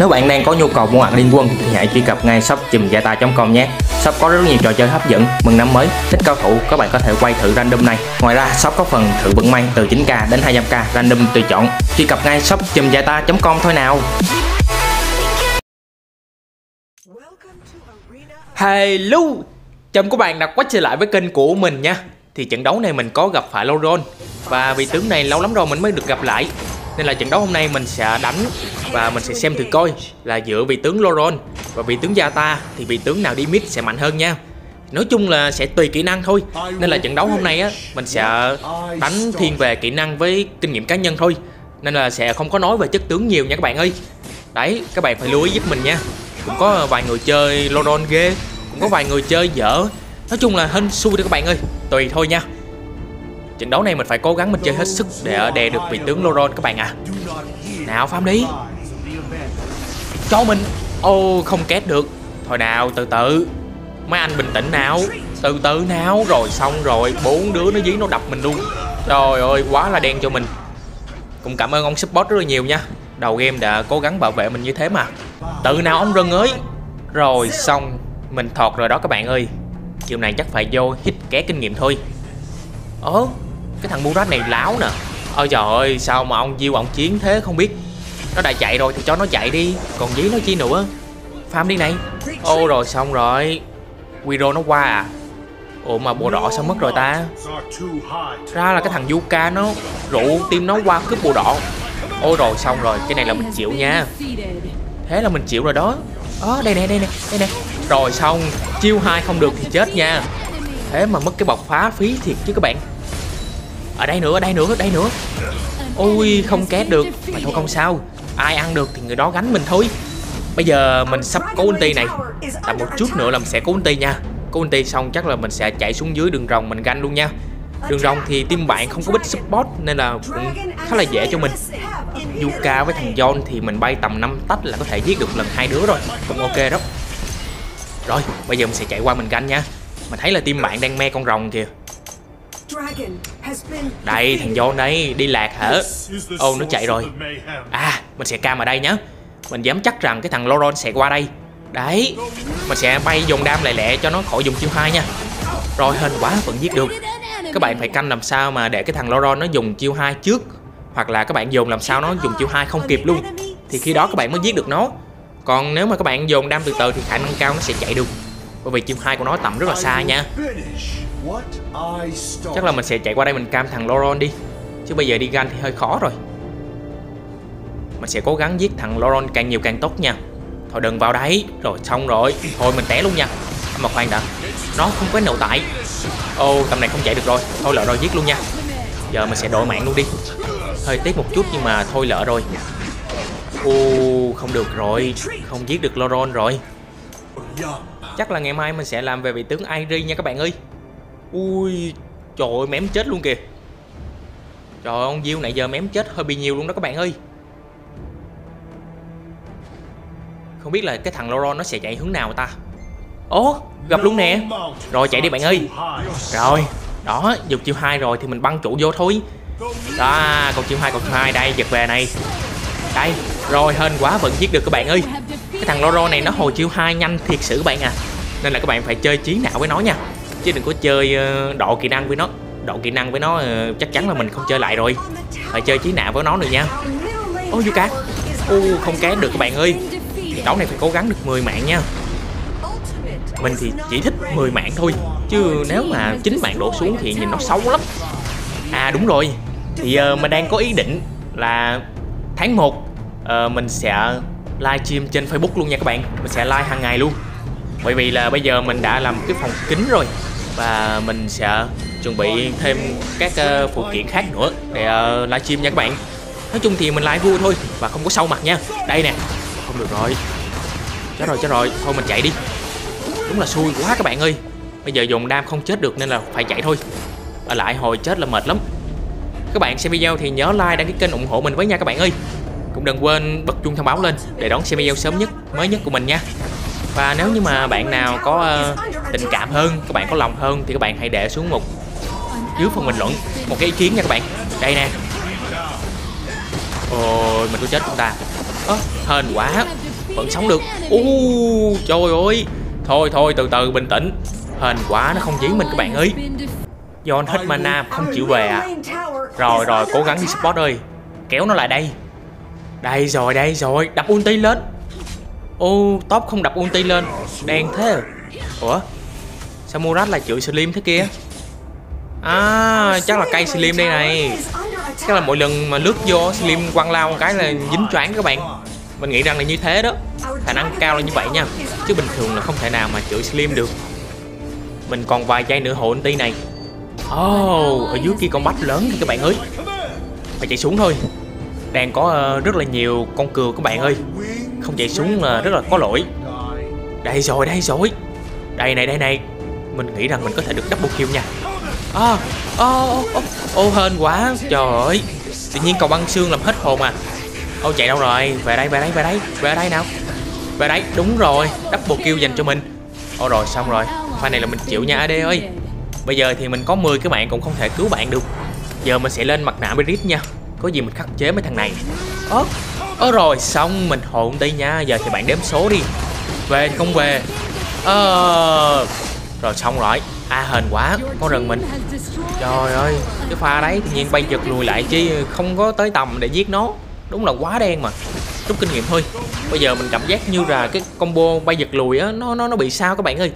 Nếu bạn đang có nhu cầu mua hàng liên quân thì hãy truy cập ngay shop chùm com nhé. Shop có rất nhiều trò chơi hấp dẫn, mừng năm mới, thích cao thủ các bạn có thể quay thử random này. Ngoài ra shop có phần thử vận may từ 9k đến 200k random tùy chọn. Truy cập ngay shop chùm com thôi nào. Hello, chào các bạn đã quay trở lại với kênh của mình nha Thì trận đấu này mình có gặp phải Loron Và vị tướng này lâu lắm rồi mình mới được gặp lại nên là trận đấu hôm nay mình sẽ đánh và mình sẽ xem thử coi là giữa vị tướng Loron và vị tướng Yata thì vị tướng nào đi mid sẽ mạnh hơn nha nói chung là sẽ tùy kỹ năng thôi nên là trận đấu hôm nay á mình sẽ đánh thiên về kỹ năng với kinh nghiệm cá nhân thôi nên là sẽ không có nói về chất tướng nhiều nha các bạn ơi đấy các bạn phải lưu ý giúp mình nha cũng có vài người chơi Loron ghê cũng có vài người chơi dở nói chung là hên xui đó các bạn ơi tùy thôi nha Trận đấu này mình phải cố gắng mình chơi hết sức để đè được vị tướng Loron các bạn ạ. À. Nào farm đi. Cho mình. Ô oh, không két được. Thôi nào, từ từ. Mấy anh bình tĩnh nào. Từ từ nào, rồi xong rồi, bốn đứa nó dí nó đập mình luôn. Trời ơi, quá là đen cho mình. Cũng cảm ơn ông support rất là nhiều nha. Đầu game đã cố gắng bảo vệ mình như thế mà. Tự nào ông rừng ơi. Rồi xong, mình thọt rồi đó các bạn ơi. Chiều này chắc phải vô hít ké kinh nghiệm thôi. Ồ, cái thằng Murat này láo nè Ôi trời ơi sao mà ông Diêu ông chiến thế không biết Nó đã chạy rồi thì cho nó chạy đi Còn dí nó chi nữa Farm đi này Ô rồi xong rồi Quiro nó qua à Ủa mà bùa đỏ sao mất rồi ta Ra là cái thằng Yuka nó Rượu tim nó qua cướp bùa đỏ Ôi rồi xong rồi Cái này là mình chịu nha Thế là mình chịu rồi đó Ó ờ, à, đây nè đây nè đây nè Rồi xong Chiêu hai không được thì chết nha Thế mà mất cái bọc phá phí thiệt chứ các bạn ở đây nữa ở đây nữa ở đây nữa ôi không két được mà thôi không sao ai ăn được thì người đó gánh mình thôi bây giờ mình sắp có ulti này tầm một chút nữa là mình sẽ có ulti nha có ulti xong chắc là mình sẽ chạy xuống dưới đường rồng mình ganh luôn nha đường rồng thì team bạn không có bích support nên là cũng khá là dễ cho mình Yuka với thằng John thì mình bay tầm 5 tách là có thể giết được lần hai đứa rồi cũng ok đó rồi bây giờ mình sẽ chạy qua mình ganh nha mình thấy là team bạn đang me con rồng kìa đây thằng vô này Đi lạc hả Ô nó chạy rồi À mình sẽ cam ở đây nhá Mình dám chắc rằng cái thằng Loron sẽ qua đây Đấy Mình sẽ bay dùng đam lại lẹ cho nó khỏi dùng chiêu hai nha Rồi hên quá vẫn giết được Các bạn phải canh làm sao mà để cái thằng Loron nó dùng chiêu hai trước Hoặc là các bạn dùng làm sao nó dùng chiêu hai không kịp luôn Thì khi đó các bạn mới giết được nó Còn nếu mà các bạn dùng đam từ từ thì khả năng cao nó sẽ chạy được Bởi vì chiêu hai của nó tầm rất là xa nha Chắc là mình sẽ chạy qua đây mình cam thằng Loron đi Chứ bây giờ đi gan thì hơi khó rồi Mình sẽ cố gắng giết thằng Loron càng nhiều càng tốt nha Thôi đừng vào đấy Rồi xong rồi Thôi mình té luôn nha Mà khoan đã Nó không có nội tại Ô tầm này không chạy được rồi Thôi lỡ rồi giết luôn nha Giờ mình sẽ đổi mạng luôn đi Hơi tiếc một chút nhưng mà thôi lỡ rồi Ô không được rồi Không giết được Loron rồi dạ. Chắc là ngày mai mình sẽ làm về vị tướng Airi nha các bạn ơi Ui Trời ơi mém chết luôn kìa Trời ơi ông Diêu nãy giờ mém chết hơi bị nhiều luôn đó các bạn ơi Không biết là cái thằng Loro nó sẽ chạy hướng nào ta Ố gặp luôn nè Rồi chạy đi bạn ơi Rồi đó dục chiêu hai rồi thì mình băng trụ vô thôi Đó còn chiêu hai còn chiêu 2 đây giật về này Đây rồi hên quá vẫn giết được các bạn ơi Cái thằng Loro này nó hồi chiêu hai nhanh thiệt sự bạn à Nên là các bạn phải chơi trí não với nó nha chứ đừng có chơi ờ, độ kỹ năng với nó độ kỹ năng với nó ờ, chắc chắn là mình không chơi lại rồi phải chơi trí não với nó nữa nha ô oh, Yuka ô oh, không cá được các bạn ơi đấu này phải cố gắng được 10 mạng nha mình thì chỉ thích 10 mạng thôi chứ nếu mà chín mạng đổ xuống thì nhìn nó xấu lắm à đúng rồi thì uh, mình đang có ý định là tháng 1 uh, mình sẽ livestream trên Facebook luôn nha các bạn mình sẽ live hàng ngày luôn bởi vì là bây giờ mình đã làm cái phòng kính rồi và mình sẽ chuẩn bị thêm các uh, phụ kiện khác nữa để uh, livestream nha các bạn nói chung thì mình lái vui thôi và không có sâu mặt nha đây nè không được rồi chết rồi chết rồi thôi mình chạy đi đúng là xui quá các bạn ơi bây giờ dùng đam không chết được nên là phải chạy thôi ở lại hồi chết là mệt lắm các bạn xem video thì nhớ like đăng ký kênh ủng hộ mình với nha các bạn ơi cũng đừng quên bật chuông thông báo lên để đón xem video sớm nhất mới nhất của mình nha và nếu như mà bạn nào có ờ, tình cảm hơn các bạn có lòng hơn thì các bạn hãy để xuống một dưới phần bình luận một cái ý kiến nha các bạn đây nè ôi mình có chết không ta ơ hên quá vẫn sống được u trời ơi thôi thôi từ từ bình tĩnh hên quá nó không giết mình các bạn ơi do hết mana không chịu về à rồi rồi cố gắng đi support ơi kéo nó lại đây đây rồi đây rồi đập ulti lên Ô, top không đập ulti lên Đen thế à? Ủa Sao Murat là chửi Slim thế kia À, chắc là cây Slim đây này Chắc là mỗi lần mà lướt vô Slim quăng lao một cái là dính choáng các bạn Mình nghĩ rằng là như thế đó Khả năng cao là như vậy nha Chứ bình thường là không thể nào mà chửi Slim được Mình còn vài giây nữa hộ ulti này Oh, ở dưới kia con bách lớn kìa các bạn ơi Phải chạy xuống thôi Đang có uh, rất là nhiều con cừu các bạn ơi không chạy xuống là ờ, rất là có lỗi Đây rồi, đây rồi Đây này, đây này Mình nghĩ rằng mình có thể được double kill nha À, ô, ô, ô hên quá Trời ơi Tự nhiên cầu băng xương làm hết hồn à Ô chạy đâu rồi, về đây, về đây, về đây Về đây nào Về đây, đúng rồi, double kill dành cho mình Ô rồi, xong rồi Pha này là mình chịu nha AD ơi Bây giờ thì mình có 10 cái bạn cũng không thể cứu bạn được Giờ mình sẽ lên mặt nạ Merit nha Có gì mình khắc chế mấy thằng này Ơ, Ơ ờ rồi xong mình hộn đây nha Giờ thì bạn đếm số đi Về không về Ờ Rồi xong rồi A à, hên quá Con rừng mình Trời ơi Cái pha đấy tự nhiên bay giật lùi lại chứ Không có tới tầm để giết nó Đúng là quá đen mà Rút kinh nghiệm thôi Bây giờ mình cảm giác như là cái combo bay giật lùi á Nó nó nó bị sao các bạn ơi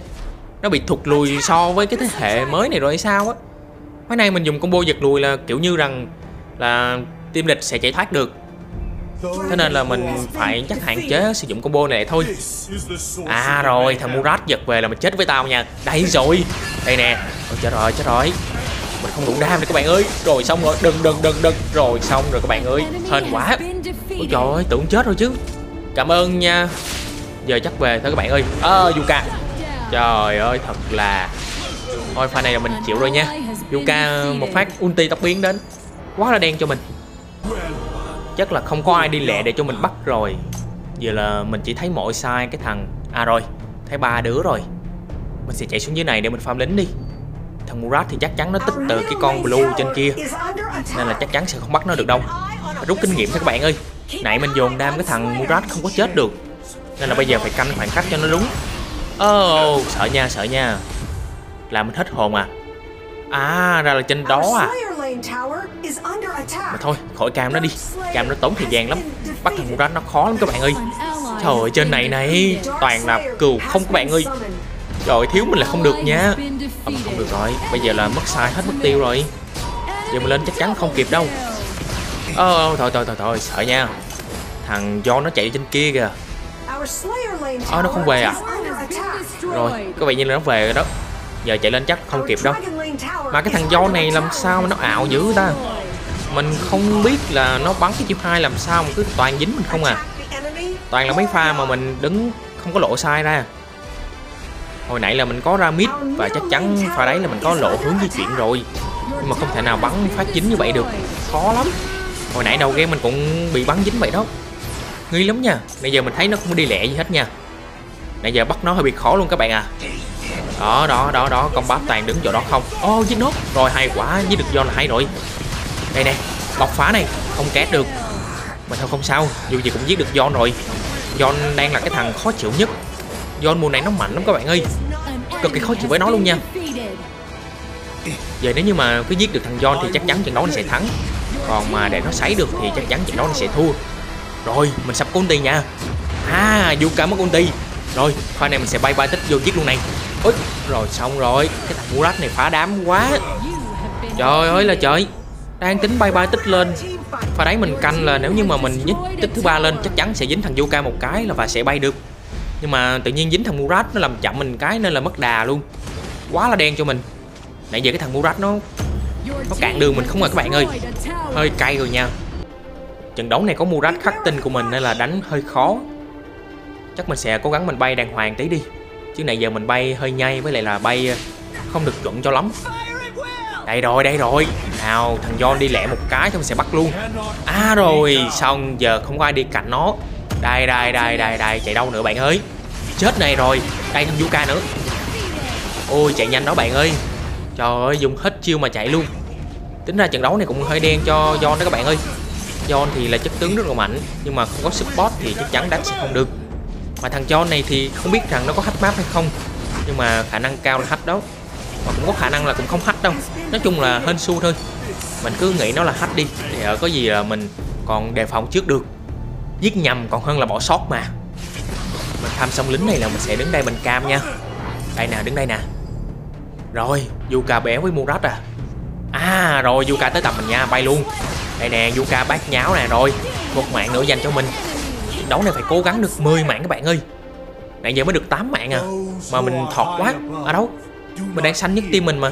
Nó bị thụt lùi so với cái thế hệ mới này rồi hay sao á Mấy nay mình dùng combo giật lùi là kiểu như rằng Là team địch sẽ chạy thoát được Thế nên là mình phải chắc hạn chế sử dụng combo này thôi À rồi thằng Murat giật về là mình chết với tao nha Đây rồi Đây nè Ôi chết rồi chết rồi Mình không đủ đam nữa các bạn ơi Rồi xong rồi đừng đừng đừng đừng Rồi xong rồi các bạn ơi Hên quá Ôi trời ơi tưởng chết rồi chứ Cảm ơn nha Giờ chắc về thôi các bạn ơi Ơ ờ, à, Yuka Trời ơi thật là Thôi pha này là mình chịu rồi nha Yuka một phát ulti tóc biến đến Quá là đen cho mình chắc là không có ai đi lẹ để cho mình bắt rồi giờ là mình chỉ thấy mỗi sai cái thằng à rồi thấy ba đứa rồi mình sẽ chạy xuống dưới này để mình farm lính đi thằng Murat thì chắc chắn nó tích từ cái con blue trên kia nên là chắc chắn sẽ không bắt nó được đâu rút kinh nghiệm thôi các bạn ơi nãy mình dồn đam cái thằng Murat không có chết được nên là bây giờ phải canh khoảng cách cho nó đúng oh sợ nha sợ nha làm mình hết hồn à à ra là trên đó à mà thôi, khỏi cam nó đi Cam nó tốn thời gian lắm Bắt thằng đó nó khó lắm các bạn ơi Trời trên này này Toàn là cừu không các bạn ơi Trời thiếu mình là không được nha à, Không được rồi, bây giờ là mất sai hết mất tiêu rồi Giờ mình lên chắc chắn không kịp đâu Ờ, ờ thôi, thôi, thôi, thôi, sợ nha Thằng do nó chạy trên kia kìa ơ à, ờ, nó không về à Rồi, có vẻ như là nó về rồi đó Giờ chạy lên chắc không kịp đâu Mà cái thằng do này làm sao mà nó ảo dữ ta Mình không biết là nó bắn cái chiêu hai làm sao mà cứ toàn dính mình không à Toàn là mấy pha mà mình đứng không có lộ sai ra Hồi nãy là mình có ra mid và chắc chắn pha đấy là mình có lộ hướng di chuyển rồi Nhưng mà không thể nào bắn phát chính như vậy được Khó lắm Hồi nãy đầu game mình cũng bị bắn dính vậy đó Nghi lắm nha Bây giờ mình thấy nó không đi lẹ gì hết nha Nãy giờ bắt nó hơi bị khó luôn các bạn à đó đó đó đó con báp toàn đứng chỗ đó không ô oh, giết nốt rồi hay quá giết được do là hay rồi đây nè bọc phá này không két được mà thôi không sao dù gì cũng giết được John rồi John đang là cái thằng khó chịu nhất John mùa này nó mạnh lắm các bạn ơi cực kỳ khó chịu với nó luôn nha giờ nếu như mà cứ giết được thằng John thì chắc chắn trận đấu nó sẽ thắng Còn mà để nó sấy được thì chắc chắn trận đấu nó sẽ thua Rồi, mình sắp ulti nha ha À, Yuka mất ulti Rồi, pha này mình sẽ bay bay tích vô giết luôn này Úi, rồi xong rồi Cái thằng Murat này phá đám quá Trời ơi là trời Đang tính bay bay tích lên Và đấy mình canh là nếu như mà mình nhích tích thứ ba lên Chắc chắn sẽ dính thằng Yuka một cái là và sẽ bay được Nhưng mà tự nhiên dính thằng Murat Nó làm chậm mình cái nên là mất đà luôn Quá là đen cho mình Nãy giờ cái thằng Murat nó Nó cạn đường mình không rồi à các bạn ơi Hơi cay rồi nha Trận đấu này có Murat khắc tinh của mình nên là đánh hơi khó Chắc mình sẽ cố gắng mình bay đàng hoàng tí đi chứ này giờ mình bay hơi nhây với lại là bay ờ, không được chuẩn cho lắm đây rồi đây rồi nào thằng John đi lẹ một cái xong sẽ bắt luôn à rồi xong giờ không có ai đi cạnh nó đây đây đây đây đây chạy đâu nữa bạn ơi chết này rồi đây thằng Yuka nữa ôi chạy nhanh đó bạn ơi trời ơi dùng hết chiêu mà chạy luôn tính ra trận đấu này cũng hơi đen cho John đó các bạn ơi John thì là chất tướng rất là mạnh nhưng mà không có support thì chắc chắn đánh sẽ không được mà thằng chó này thì không biết rằng nó có hack map hay không nhưng mà khả năng cao là hack đó mà cũng có khả năng là cũng không hack đâu nói chung là hên xui thôi mình cứ nghĩ nó là hack đi để ờ, có gì là ờ, mình còn đề phòng trước được giết nhầm còn hơn là bỏ sót mà mình tham xong lính này là mình sẽ đứng đây mình cam nha đây nè đứng đây nè rồi Yuka bé với Murat à à rồi Yuka tới tập mình nha bay luôn đây nè Yuka bát nháo nè rồi một mạng nữa dành cho mình trận đấu này phải cố gắng được 10 mạng các bạn ơi Nãy giờ mới được 8 mạng à Mà mình thọt quá ở đâu Mình đang xanh nhất team mình mà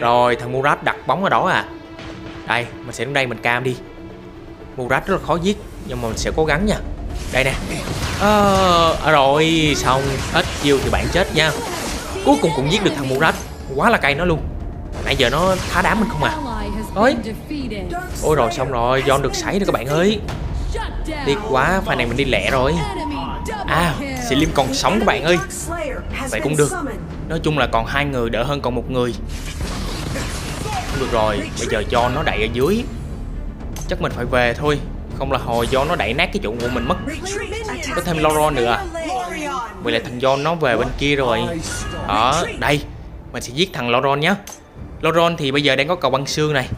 Rồi thằng Murat đặt bóng ở đó à Đây mình sẽ đứng đây mình cam đi Murat rất là khó giết Nhưng mà mình sẽ cố gắng nha Đây nè ờ, à, rồi xong Hết chiêu thì bạn chết nha Cuối cùng cũng giết được thằng Murat Quá là cay nó luôn Nãy giờ nó phá đám mình không à Ôi Ôi rồi xong rồi John được sảy rồi các bạn ơi Tiếc quá, pha này mình đi lẹ rồi À, Sĩ còn sống các bạn ơi Vậy cũng được Nói chung là còn hai người đỡ hơn còn một người Được rồi, bây giờ cho nó đẩy ở dưới Chắc mình phải về thôi Không là hồi do nó đẩy nát cái chỗ của mình mất Có thêm loron nữa à Vậy là thằng John nó về bên kia rồi ở đây Mình sẽ giết thằng Loron nhé Loron thì bây giờ đang có cầu băng xương này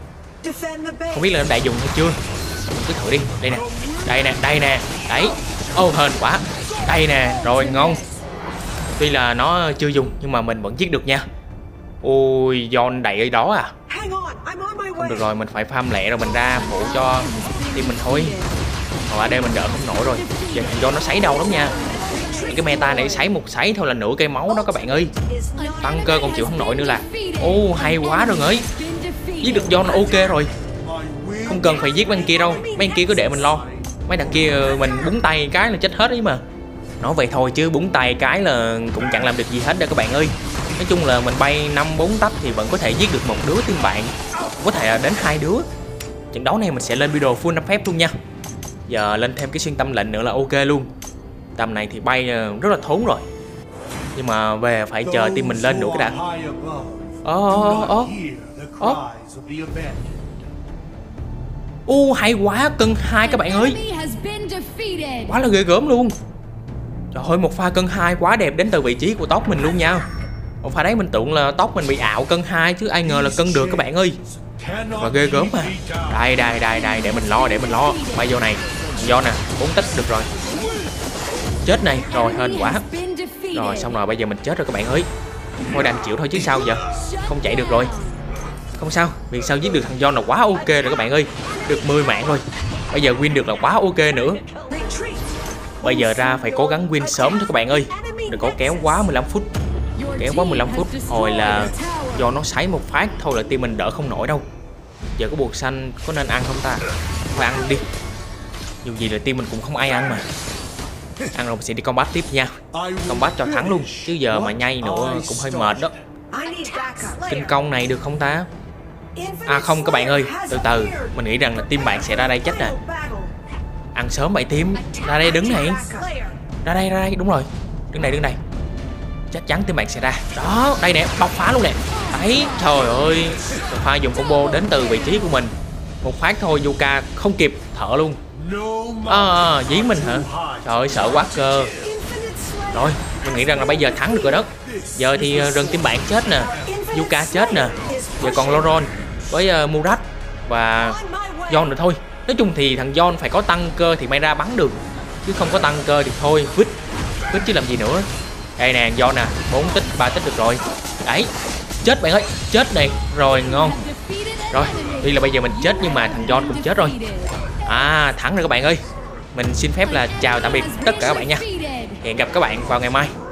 Không biết là nó đã dùng hay chưa Mình cứ thử đi, đây nè đây nè đây nè đấy ô oh, hên quá đây nè rồi ngon tuy là nó chưa dùng nhưng mà mình vẫn giết được nha ui john đẩy ở đó à không được rồi mình phải farm lẹ rồi mình ra phụ cho team mình thôi ở đây mình đỡ không nổi rồi giờ john nó sấy đâu lắm nha cái meta này sấy một sấy thôi là nửa cây máu đó các bạn ơi tăng cơ còn chịu không nổi nữa là ô oh, hay quá rồi ấy giết được john ok rồi không cần phải giết bên kia đâu bên kia cứ để mình lo mấy thằng kia mình búng tay cái là chết hết ấy mà nói vậy thôi chứ búng tay cái là cũng chẳng làm được gì hết đâu các bạn ơi nói chung là mình bay năm bốn tách thì vẫn có thể giết được một đứa team bạn có thể đến hai đứa trận đấu này mình sẽ lên video full năm phép luôn nha giờ lên thêm cái xuyên tâm lệnh nữa là ok luôn tầm này thì bay ờ, rất là thốn rồi nhưng mà về phải chờ team mình lên nữa cái đã ơ ơ ơ ơ u uh, hay quá cân hai các bạn ơi quá là ghê gớm luôn trời ơi một pha cân hai quá đẹp đến từ vị trí của tóc mình luôn nha một pha đấy mình tưởng là tóc mình bị ảo cân hai chứ ai ngờ là cân được các bạn ơi và ghê gớm mà Đây đây đây đây để mình lo để mình lo Bay vô này Do nè 4 tích được rồi Chết này Rồi hên quá Rồi xong rồi bây giờ mình chết rồi các bạn ơi Thôi đành chịu thôi chứ sao giờ Không chạy được rồi không sao miền sau giết được thằng John là quá ok rồi các bạn ơi được 10 mạng rồi bây giờ win được là quá ok nữa bây giờ ra phải cố gắng win sớm thôi các bạn ơi đừng có kéo quá 15 phút kéo quá 15 phút hồi là do nó sấy một phát thôi là team mình đỡ không nổi đâu giờ có buộc xanh có nên ăn không ta phải ăn đi dù gì là team mình cũng không ai ăn mà ăn rồi mình sẽ đi combat tiếp nha combat cho thắng luôn chứ giờ mà nhay nữa cũng hơi mệt đó kinh công này được không ta À không các bạn ơi Từ từ Mình nghĩ rằng là team bạn sẽ ra đây chết nè Ăn sớm bảy team Ra đây đứng này Ra đây ra đây Đúng rồi Đứng này đứng này Chắc chắn team bạn sẽ ra Đó Đây nè bọc phá luôn nè Đấy Trời ơi Mình Khoa dùng combo đến từ vị trí của mình Một phát thôi Yuka không kịp Thở luôn à, Dí mình hả Trời ơi sợ quá cơ Rồi Mình nghĩ rằng là bây giờ thắng được rồi đó Giờ thì ờ, rừng team bạn chết nè Yuka chết nè giờ còn Loron với uh, Murat và John nữa thôi nói chung thì thằng John phải có tăng cơ thì may ra bắn được chứ không có tăng cơ thì thôi vít vít chứ làm gì nữa đây nè John nè à, 4 tích 3 tích được rồi đấy chết bạn ơi chết này rồi ngon rồi tuy là bây giờ mình chết nhưng mà thằng John cũng chết rồi à thắng rồi các bạn ơi mình xin phép là chào tạm biệt tất cả các bạn nha hẹn gặp các bạn vào ngày mai